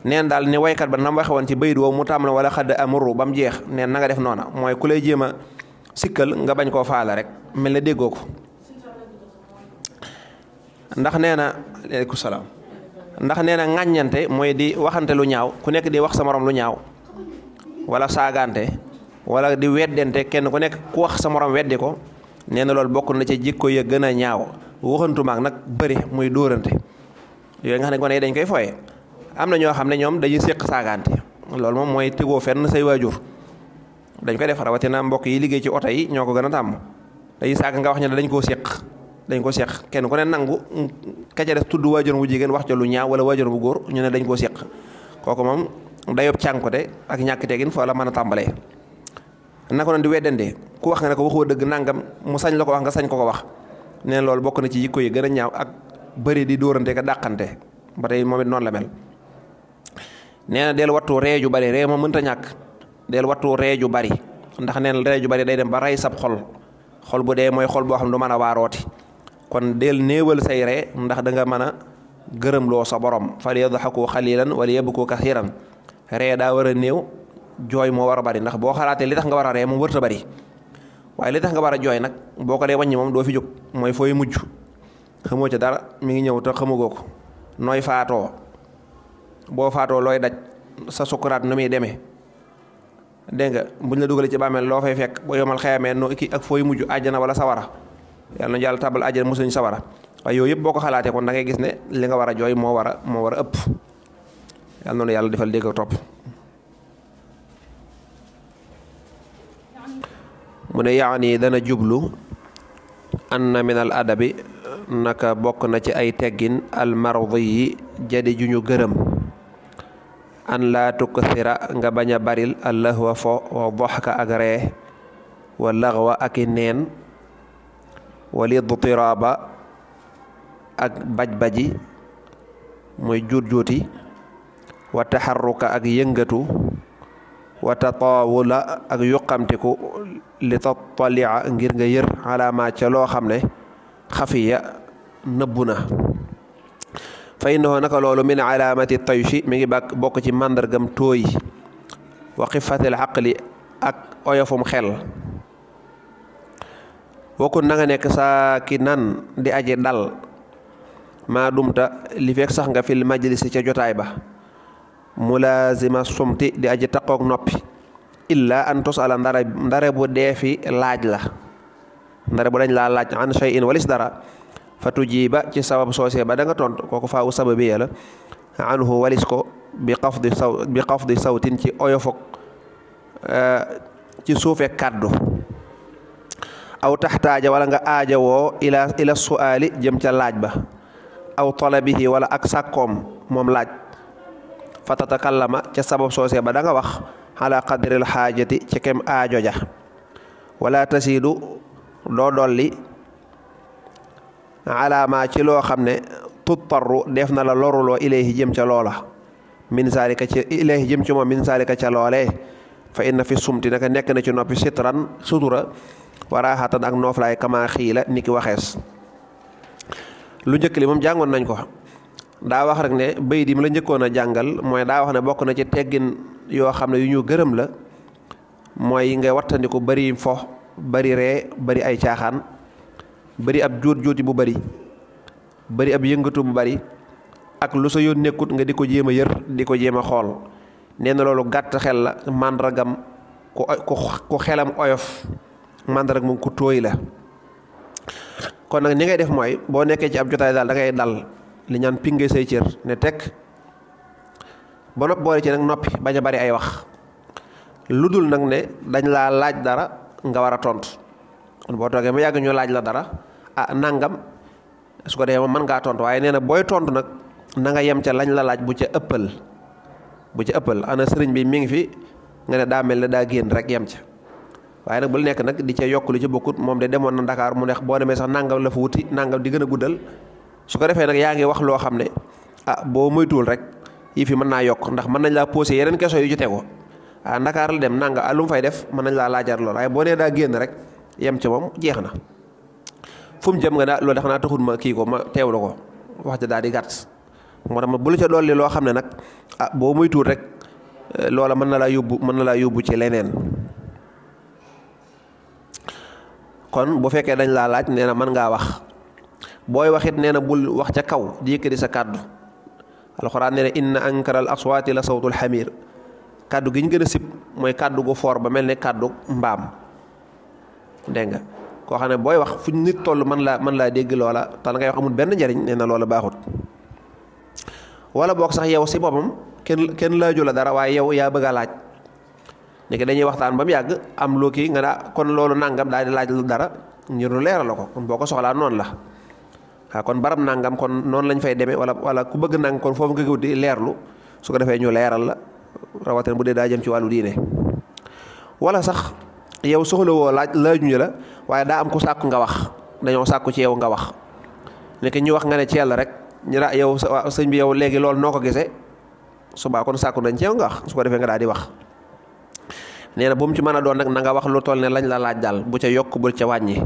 neen daal ni waykat ba nam waxe woon ci bayit woow mu tàmbale wala xadd amuru ba mu jeex neen na nga def noona mooy ku lay jéema sikkal nga bañ koo faala rek mel na déggoo ko ndax nee na aleykum salaam ndax nee na ŋàññante mooy di waxante lu ñaaw ku nekk di wax sa moroom lu ñaaw wala saagante walla di weddante kenn ku nekk ku wax sa morom weddi ko nee na loolu na ci jikko ya gën a ñaaw waxantumaak nag bëri muy dóorante yooyu nga xam ne gone yi dañ koy fooye am na ñoo xam ne ñoom dañuy séq saagaante loolu moom mooy tegoo fenn say waajur dañ koy def rawatina mbokk yi liggéey ci oto yi ñoo ko gën a tàmm dañuy saaga nga wax ne dañu koo séq dañ ko séq kenn ku ne nangu ka ca des tudd waajur bu wax ca lu ñaaw wala waajur bu góor ñu ne dañ koo séq kooku moom dayob cànkute ak ñàkk teggin foo la mën a tàmbalee. naka noonu di weddandee ku wax nga ne ko waxoo dëgg nangam mu sañ la ko wax nga sañ ko ko wax nee loolu bokk na ci yikko yi gën a ñaaw ak bëri di dóorante ka dàqante ba tey moom it noonu la mel. nee na del wattu ree ju bari ree moom mënta ñàkk del wattu ree ju bari ndax nee na ree ju bari day dem ba rey sab xol xol bu dee mooy xol boo xam du man a waarooti kon del néewal say ree ndax da nga mën a gërëm loo sa borom fal yadxaku xalilan wala yabku kasiran ree daa war néew jooy moo war a bari ndax boo xalaatee li tax nga war a ree moom wërta bari waaye li tax nga war a jooy nag boo ko dee waññi moom doo fi jóg mooy fooy mujj xamoo ca dara mi ngi ñëw ta xamugoo ko nooy faatoo boo faatoo looy daj sa sukuraat nu muy demee dégg nga buñ la dugalee ci bàmmeel loo fay fekk boo yomal xayamee noo kii ak fooy mujj àjjana wala sawara yàlla na yàlla tàbbal àjjana mosuñ sawara waaye yooyu yëpp boo ko xalaatee kon gis ne li nga war jooy moo war a moo war a yàlla noonu yàlla defal dégg topp. mu ne yaani dana jublu anna min al adabi naka bokk na ci ay teggin al mardi yi jadi ju ñu gërëm. an laa tukthira nga bañ a baril a lahwa fo wa doxka ak ree wa laxwa ak i neen wali dutiraaba ak baj-baji mooy juut-juuti wa taxarruka ak yëngatu wa tataawula ak yuqamtiku li tattalia ngir nga yër alaamaa ca loo xam ne xafiya nëbbu na fa innahu naka loolu min alaamati tayshi mi ngi bàkk bokk ci màndargam tooy wa xifatil xaqli ak oyofum xel wakkun na nga nekk saakinan di aji dal maa dumta li fekk sax nga fil majlisi ca jotaay ba mulaazima sumti di aji takkook noppi illa an tusala ndare ndare bu deefi laaj la ndare bu dañ laa laaj an shay'in walis dara fatu ji ba ci sabab soosee ba danga nga tontu kooku faawu sababiya la anhu walis ko bi xafdi sawtin ci oyofog eh, ci suufe kàddu aw taxtaaja walla nga aaja woo ila ila suaali jëm ca laaj ba aw talabihi wala ak sàkkoom moom laaj fa tatakallama ca sabab soosee ba danga wax ala qadril xaajati ci kem aajo ja wala tasiidu doo dolli alaamaa ci loo xam ne tuttaru def na la loruloo ilayhi jëm ca loola min saalika ci ilayhi jëm ci moom min saalika ca loolee fa inna fi sumti naka nekk na ci noppi sitran sutura waraaxatan ak nooflaay kama xiila niki waxees lu njëkk li moom jàngoon nañ ko daa wax rek ne bay la njëkkoon a jàngal mooy daa wax ne bokk na ci teggin yoo xam ne yu ñu gërëm la mooy ngay wattandiku bari fo bari ree bari ay caaxaan bari ab juut juuti bu bari bari ab yëngatu bu bari ak lu sa yoon nekkut nga di ko jéem a yër di ko jéem a xool nee na loolu gàtt xel la màndargam ku ku xelam oyof màndarag moom ku tooy la kon nag ni ngay def mooy boo nekkee ci ab jotaay daal da ngay dal li ñaan pinge say cër ne teg ba nopp boole ci nag noppi bañ a bari ay wax lu dul nag ne dañ laa laaj dara nga war a tontu. kon boo toogee ba yàgg ñu laaj la dara a ah, nangam su ko defee moom mën ngaa tontu waaye nee na booy tontu nag na nga yem ca lañ la laaj bu ca ëppal bu ca ëppal ana sëriñ bii mi ngi fi nga ne daa mel na daa génn rek yem ca waaye nag bul nekk nag di ca yokk lu ci bokkut moom de demoon na Dakar mu neex boo demee sax nangam la fa wuti di gën a guddal su ko defee nag yaa ngi wax loo xam ne ah boo moytuwul rek yi fi mën naa yokk ndax mën nañ laa posé yeneen question yu ci tegoo ah Dakar la dem nanga alum ah, fay def mën nañ laa laajar lool waaye boo nee daa génn rek. yem ca moom jeex na fu jëm nga naa loolu dafa naa taxul ma kii ko ma la ko wax ja daal di gàtt moo tax ma bu la ca dolli loo xam ne nag a ah, boo muy tuut rek eh, loola mën na laa yóbbu mën na laa yóbbu ci leneen kon bu fekkee dañ laa laaj nee na mën ngaa wax booy waxit nee na bul wax ca kaw di yëkkati sa kàddu alxuraan nee na inna ankaral aswaati la sawtul xamiir kàddu gi ñu gën a sib mooy kàddu gu foor ba mel ne kàddu mbaam dégg nga koo xam ne booy wax fu nit toll man laa mën laa dégg loola te la ngay wax amul benn njariñ nee na loola baaxut wala boog sax yow si boppam kenn kenn laaju la dara waaye yow yaa bëgg a laaj léegi dañuy waxtaan ba mu yàgg am loo kii ah, kon loolu nangam daal di laaj dara ngir leeral la ko kon boo ko soxlaa noonu la waaw ah, kon barab nangam kon noonu lañ fay demee wala wala ku bëgg nang kon foofu nga ko di leerlu su ko defee ñu leeral la rawatina bu dee daa jëm ci wàllu diine wala sax yow soxla woo laaj laajuñu la waaye daa am ku sàkku nga wax dañoo sàkku ci yow nga wax nekk ñu wax nga ne ci yàlla rek ñu daa yow sëñ bi yow léegi loolu noo ko gisee subaa kon sàkku nañ ci nga wax su ko defee nga daa di wax. nee na bu mu ci mën a doon nag na nga wax lu toll ne lañ la laaj daal bu ca yokk bul ca wàññi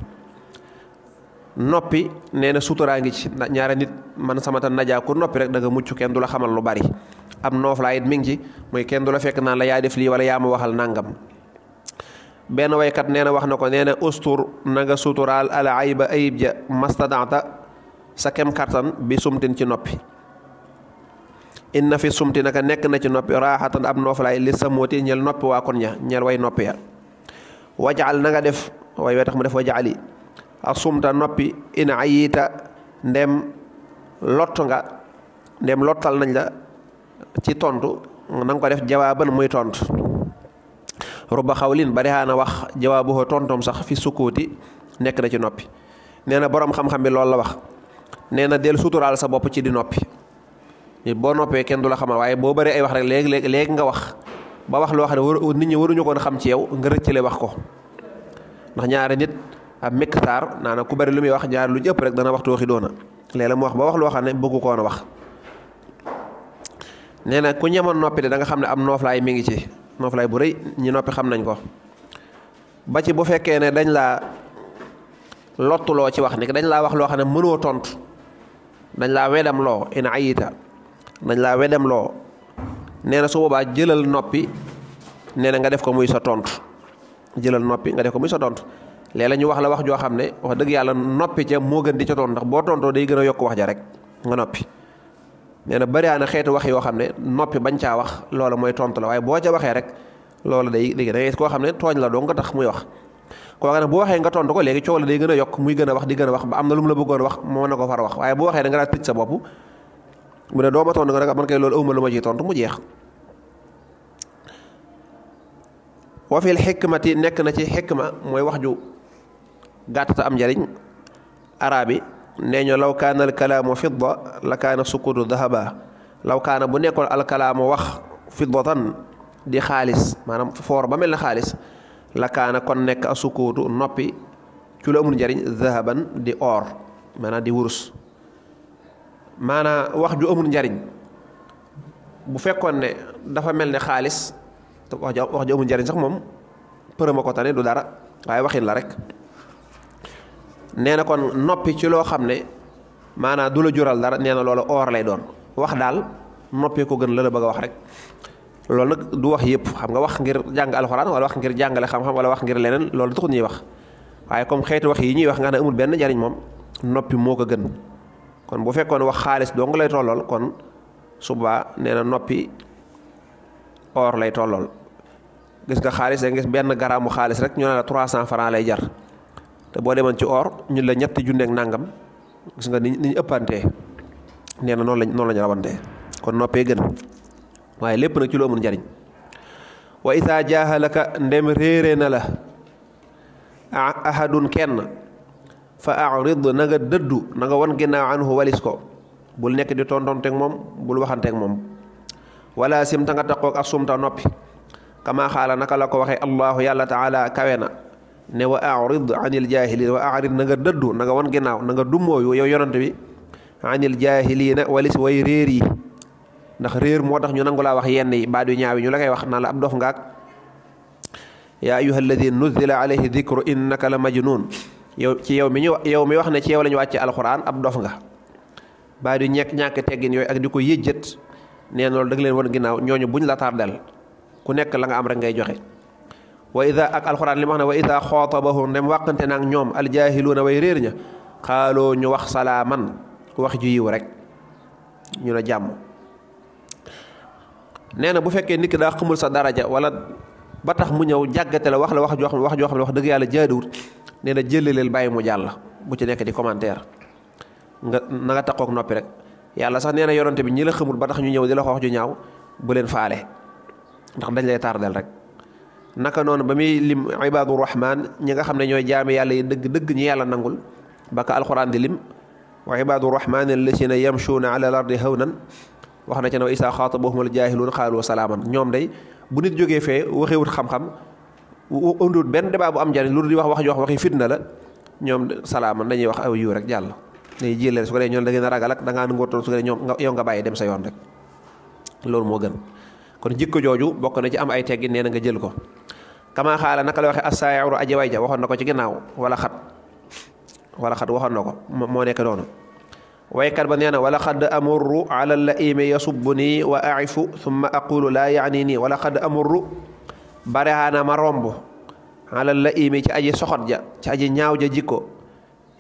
noppi nee na suturaa ngi ci ñaare nit man sama tan najaa ku noppi rek da nga mucc kenn du la xamal lu bari am noof laa it mi ngi ci mooy kenn du la fekk naan la yaa def lii wala yaa ma waxal nangam. benn waykat nee na wax na ko nee na ustur na nga suturaal ala ayba ayib ja mastadanta sa kem kartan bi sumtin ci noppi inna fi sumti naka nekk na ci noppi raaxatan ab nooflaay li samooti ñel noppi waa kon ña ñel way noppi ya wajaal na def way wee tax mu def wajaali a sumta noppi in ayita ndem lott nga ndem lottal nañ la ci tontu na ko def jawaaban muy tontu ruba xawlin bari na wax jawaabuhu tontoom sax fi sukkuuti nekk na ci noppi nee na boroom xam-xam bi loolu la wax nee na dellu suturaal sa bopp ci di noppi boo noppee kenn du la xamal waaye boo bari ay wax rek léegi léegi léegi wax ba wax loo xam ne waru nit ñi waruñu koon xam ci yow nga rëccale wax ko ndax ñaari nit ab mektaar naa na ku bari lu muy wax ñaari lu jëpp rek dana waxtu waxi doona léeg-léeg mu wax ba wax loo xam ne bëggu koon a wax nee na ku ñemoon noppi de da nga xam ne am noof laay mi ngi ci lay bu rëy ñi noppi xam nañ ko ba ci bu fekkee ne dañ laa lottuloo ci wax ni dañ laa wax loo xam ne mënoo tontu dañ laa wedam loo in ayita dañ laa wedam loo nee na su boobaa jëlal noppi nee na nga def ko muy sa tont jëlal noppi nga def ko muy sa tontu léeg-léeg ñu wax la wax joo xam ne wax dëgg yàlla noppi ca moo gën di ca tontu ndax boo tontoo day gën a yokk wax ja rek nga noppi. nee na bëriaa na xeetu wax yoo xam ne noppi bañ caa wax loola mooy tontu la waaye boo ca waxee rek loola day léegi da ngay koo xam ne tooñ la doo nga tax muy wax koo kooka nag bu waxee nga tontu ko léegi coow la day gën a yokk muy gën a wax di gën a wax ba am na lu mu la bëggoon wax moo na ko far wax waaye bu waxee da nga daal tëj sa bopp mu ne doo ma tontu nga nag man koy loolu awma lu ma ciy tontu mu jeex wa fil xikmati nekk na ci xikma mooy wax ju gàtt am njariñ araabi nee ñu law kaana alkalaamu fidda la kaana sukkutu dahaba law kaana bu nekkoon alkalaamu wax fiddatan di xaalis maanaam foor ba mel ne xaalis la kaana kon nekk a sukkutu noppi ci lu njariñ dahaban di or maanaam di wurus maanaa wax ju amul njariñ bu fekkoon ne dafa mel ne xaalis wax ju amul njariñ sax moom përëma ko tane du dara waaye waxin la rek nee na kon noppi ci loo xam ne maanaam du la jural dara nee na loolu or lay doon wax daal noppi ko gën la la bëgg a wax rek loolu nag du wax yëpp xam nga wax ngir jàng alxuraan wala wax ngir jàngale xam-xam wala wax ngir leneen loolu taxul ñuy wax waaye comme xeeti wax yi ñuy wax nga ne amul benn jariñ moom noppi moo ko gën kon bu fekkoon wax xaalis dong lay tollool kon suba nee na noppi or lay tollool gis nga xaalis da nga benn garaamu xaalis rek ñoo ne la 300 francs lay jar. te boo demoon ci or ñu la ñetti junneeg nangam gis nga ni ñu ëppantee nee na noonu lañ noonu la kon noppee gën waaye lépp nag ci loo mën njariñ wa isaa jaaxalaka ndem réere na la ahadun kenn fa arid na nga dëddu na nga wan ginnaaw anhu walis ko bul nekk di tontonteeg moom bul waxanteeg moom wala simta nga taqoog ak sumta noppi kama xaala naka la ko waxee allahu yàlla taala kawe na ne wa arid anil jaahiliin wa arid na nga dëddu na nga wan ginnaaw na nga dummóoyu yow yonante bi anil jaahiliina walis way réer yi ndax réer moo tax ñu nangu laa wax yenn yi baadu ñaawi ñu la koy wax naa la ab dof ngaak yaa ayyuha alladi nuzila alayhi dikru innaka la majnun yow ci yow mi ñu yow mi wax ne ci yow la ñu wàcce alxuraan ab dof nga baadu ñekk ñàkk teggin yooyu ak di ko yëjjët nee noonu loolu leen wan ginnaaw ñooñu buñ la tardel ku nekk la nga am rek ngay joxe wa ida ak alxuraan li ma wax ne wa ida xootabahum dem wàqante naag ñoom aljaahiluuna way réer ña xaaloo ñu wax salaaman wax ju yiw rek ñu ne jàmm nee na bu fekkee nit daa xamul sa daraja wala ba tax mu ñëw jàggate la wax la wax joo xam wax joo xam wax dëgg yàlla jaaduwut nee na jëlaleel bàyyi mu jàll bu ci nekk di commentaire nga na nga takkook noppi rek yàlla sax nee na yonante bi ñi la xamul ba tax ñu ñëw di la ko ju ñaaw bu leen faale ndax dañ lay tardel rek naka noonu ba muy lim ibaadu rahmaan ñi nga xam ne ñooy jaami yàlla yi dëgg dëgg ñi yàlla nangul ba ka alxuraan di lim wa ibaadu rahmaan allasina yamshuuna ala al ardi hawnan wax na ci ne wa isaa xaatabahum al jaahiluun xaalu salaaman ñoom day bu nit jógee fee waxewut xam-xam undut benn débat bu am njariñ lu di wax wax joo wax waxi fitna la ñoom salaaman dañuy wax aw yiw rek jàll day jëlee su ko dee ñoom da ngeen a ragal ak da ngaa ngóortoon su ko dee ñoom yow nga bàyyi dem sa yoon rek loolu moo gën kon jikko jooju bokk na ci am ay teggin na nga jël ko kama xaala naka la waxe asaayaru aji way ja waxoon na ko ci ginnaaw wala xat wala xat waxoon na ko moo nekk noonu waykat ba nee na wala xad amurru ala laimi yasubbu nii wa aifu summa aqulu laa wala xad amurru barexaana ma romb ala laimi ci aji ja ci aji ñaaw ja jikko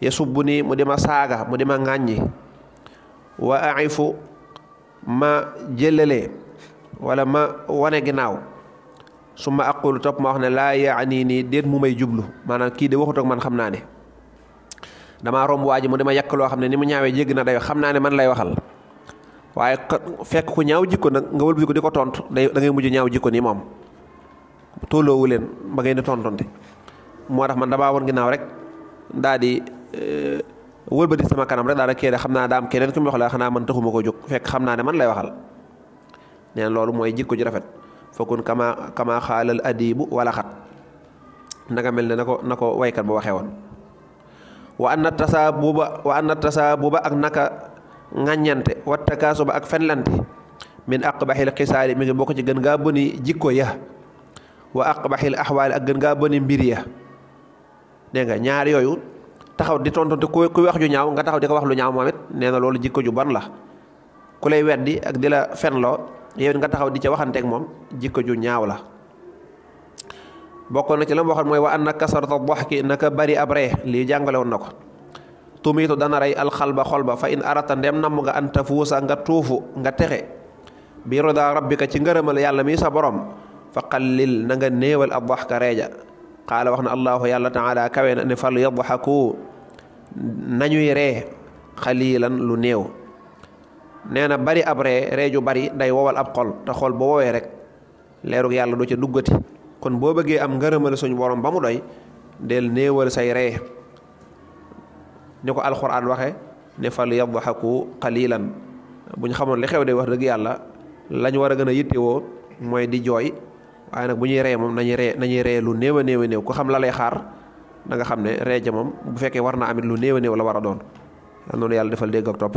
yasubbu nii mu saaga mu dima ŋàññi wa aifu ma jëlale wala ma wane ginnaaw su ma aqulu topp ma wax ne laa yaani nii déet mu may jublu maanaam kii de waxut ak man xam naa ne damaa romb waa ji mu dama yàq loo xam ne ni mu ñaawee jégg na dayo xam naa ne man lay waxal waaye fekk ku ñaaw jikko nag nga wëlbatiku di ko tontu day da ngay mujj ñaaw jikko nii moom tolloowu leen ba ngay di tontonte moo tax man damaa woon ginnaaw rek daa di eh, wëlbati sama kanam rek daal di xam naa daa am keneen ku mu xanaa man taxuma ko jóg fekk xam naa ne man lay waxal nee loolu mooy ko ju rafet. fakun kama kama xaalal adiibu wala xat nanga mel ne na ko na ko waykat ba waxee woon wa anna tasaabuba wa anna tasaabuba ak naka ŋàññante wa ba ak fenlante min aqbaxil xisaali mi ngi bokk ci gën gaa boni jikko ya wa aqbaxil axwaali ak gën gaa boni mbir ya dégg nga ñaar yooyu taxaw di tontonte ku ku wax ju ñaaw nga taxaw di ko wax lu ñaaw moom it nee na loolu jikko ju ban la ku lay weddi ak di la fenloo yow nga taxaw di ca waxanteek moom jikko ju ñaaw la bokkoon na ci la mu waxoon mooy wa anna kasarata daxki naka bari ab ree lii jàngale woon na ko tumiitu dana rey alxalba xol ba fa in arata ndem namm nga an tafuusa nga tuufu nga texe bi roda rabbika ci ngërëmal yàlla mi sa borom fa qallil na nga néewal ab daxka reeja qaala wax na allahu yàlla taala kawe na ne fal yadxaku nañuy ree xalilan lu néew nee na bari ab ree ree ju bari day wowal ab xol te xol boo woowee rek leeru yàlla du ca duggati kon boo bëggee am ngërëmale suñu borom ba mu doy del néewal say ree ni ko alxuraan waxe ne fal yadhaku qalilan bu ñu xamoon li xew de wax dëgg yàlla lañ war a gën a yittewoo mooy di jooy waaye bu ñuy ree moom nañuy ree nañuy ree lu néew a néew a néew xam la lay xaar da nga xam ne ree moom bu fekkee war naa amit lu néew a néew la war a doon yàlla defal dégg ak topp